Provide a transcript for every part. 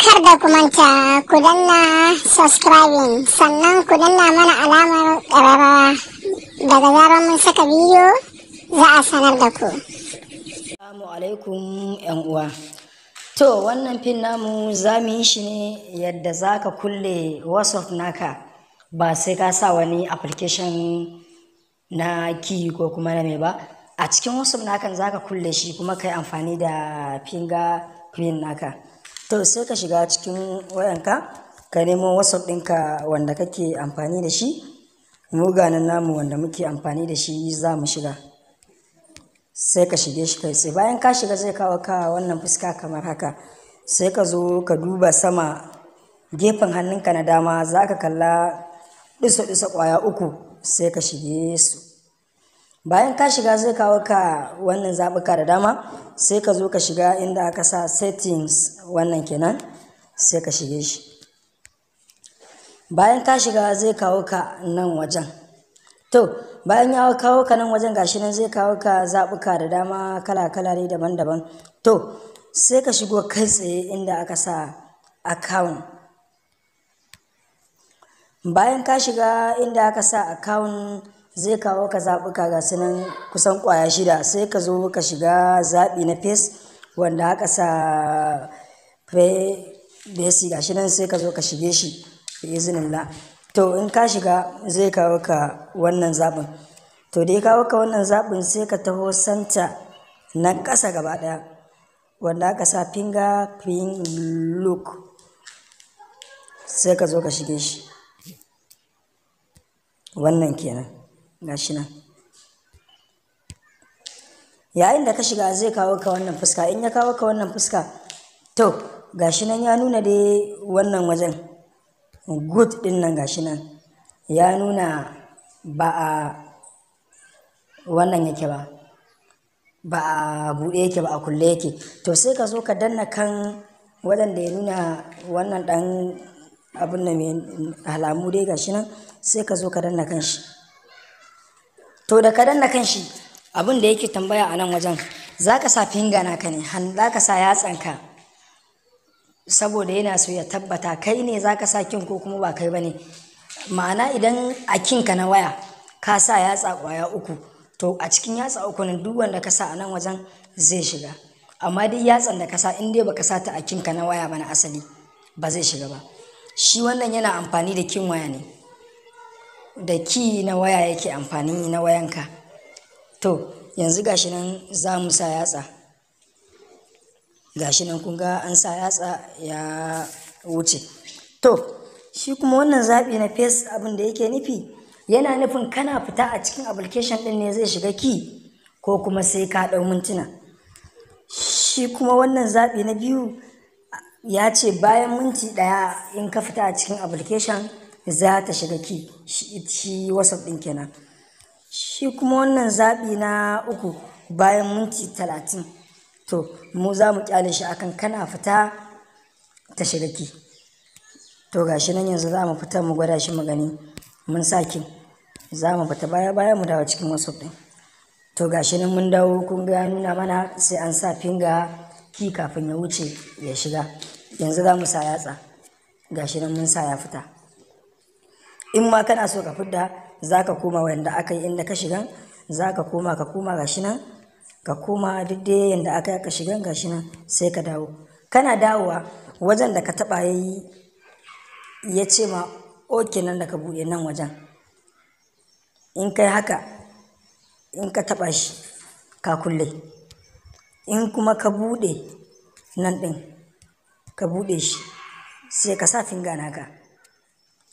Kar da ku manta ku danna subscribing sannan ku danna mana alamar ƙararrawa daga zarar mun saka biyu za a sanar da ku. Assalamu alaikum ‘yan uwa. To wannan fin namu za mu yi shi ne yadda za ka kulle WhatsApp naka ba sai ka sa wani application na key ko kuma na mai ba. A cikin WhatsApp nakan za ka kulle shi kuma ka yi amfani da finger print naka. to sai ka shiga cikin wayanka ka nemo wasu ɗinka wanda kake amfani da shi muganan namu wanda muke amfani da shi za mu shiga sai ka shige shi kai tsaye bayan ka shiga zai kawo ka wannan fuska kamar haka sai ka zo ka duba sama gefen hannunka na dama za ka kalla ɗisa-ɗisa ƙwaya uku sai ka shige su bayan ka shiga zai kawo ka wannan zaɓuka da dama sai ka zo ka shiga inda aka sa settings wannan kenan sai ka shige shi bayan ka shiga zai kawo ka nan wajen to bayan ya kawo ka nan wajen gashi nan zai kawo ka zaɓuka da dama kala-kala ne daban-daban to sai ka shigo kai tsaye inda aka sa account bayan ka shiga inda aka sa account zai kawo ka zaɓuka ga sunan kusan ƙwaya shida sai ka zo ka shiga zaɓi na face wanda aka sa besi ga nan sai ka zo ka shige shi da izinin la to in ka shiga zai kawo ka wannan zaɓin to da ya kawo ka wannan zaɓin sai ka taho santa na ƙasa gaba ɗaya wanda aka sa finger print look sai ka zo ka shige shi wannan kenan gashi nan yayin da ka shiga zai kawo ka wannan fuska in ya kawo ka wannan fuska to gashi nan ya nuna dai wannan wajen good din nan gashi nan ya nuna ba a wannan yake ba ba a buɗe yake ba a kulle yake to sai ka zo ka danna kan waɗanda ya nuna wannan ɗan abin da mai alamu dai gashi nan sai ka zo ka danna kan shi to da kadan na kan shi abin da yake tambaya a nan wajen za ka sa finga naka ne za ka sa yatsanka saboda yana so ya tabbata kai ne za ka sa kin ko kuma ba kai ba ne ma'ana idan a kinka na waya ka sa yatsa kwaya uku to a cikin yatsa uku ne duk wanda ka sa a nan wajen zai shiga amma dai yatsan da ka sa in dai baka sa ta a kinka na waya ba na asali ba zai shiga ba shi wannan yana amfani da kin waya ne da ki na waya yake amfani na wayanka to yanzu gashi nan za mu sa yatsa gashi nan kun ga an sa yatsa ya wuce to shi kuma wannan zaɓi na face abin da yake nufi yana nufin kana fita a cikin application ɗin ne zai shiga ki ko kuma sai ka ɗau mintuna shi kuma wannan zaɓi na biyu ya ce bayan minti ɗaya in ka fita a cikin application za ta shiga ki shi wasan ɗin kenan shi kuma wannan zabi na uku bayan minti talatin to mu za mu kyale shi akan kana fita ta shiga ki to gashi nan yanzu za mu fita mu gwada shi mu gani mun sa ki za mu fita baya baya mu dawo cikin whatsapp ɗin to gashi nan mun dawo kun ga nuna mana sai an sa finga ki kafin ya wuce ya shiga yanzu za mu sa yatsa gashi nan mun sa ya fita in ma kana so ka fidda za ka koma wanda aka yi inda ka shigan za ka koma ka koma shi nan ka koma duk da yadda aka yi ka shigan shi nan sai ka dawo kana dawowa wajen da ka taɓa ya yi ya ce ma oke nan da ka buɗe nan wajen in kai haka in ka taɓa shi ka kulle in kuma ka buɗe nan ɗin ka buɗe shi sai ka sa finga naka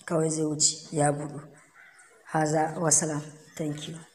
kawai zai wuce ya buɗu haza wasalam thank you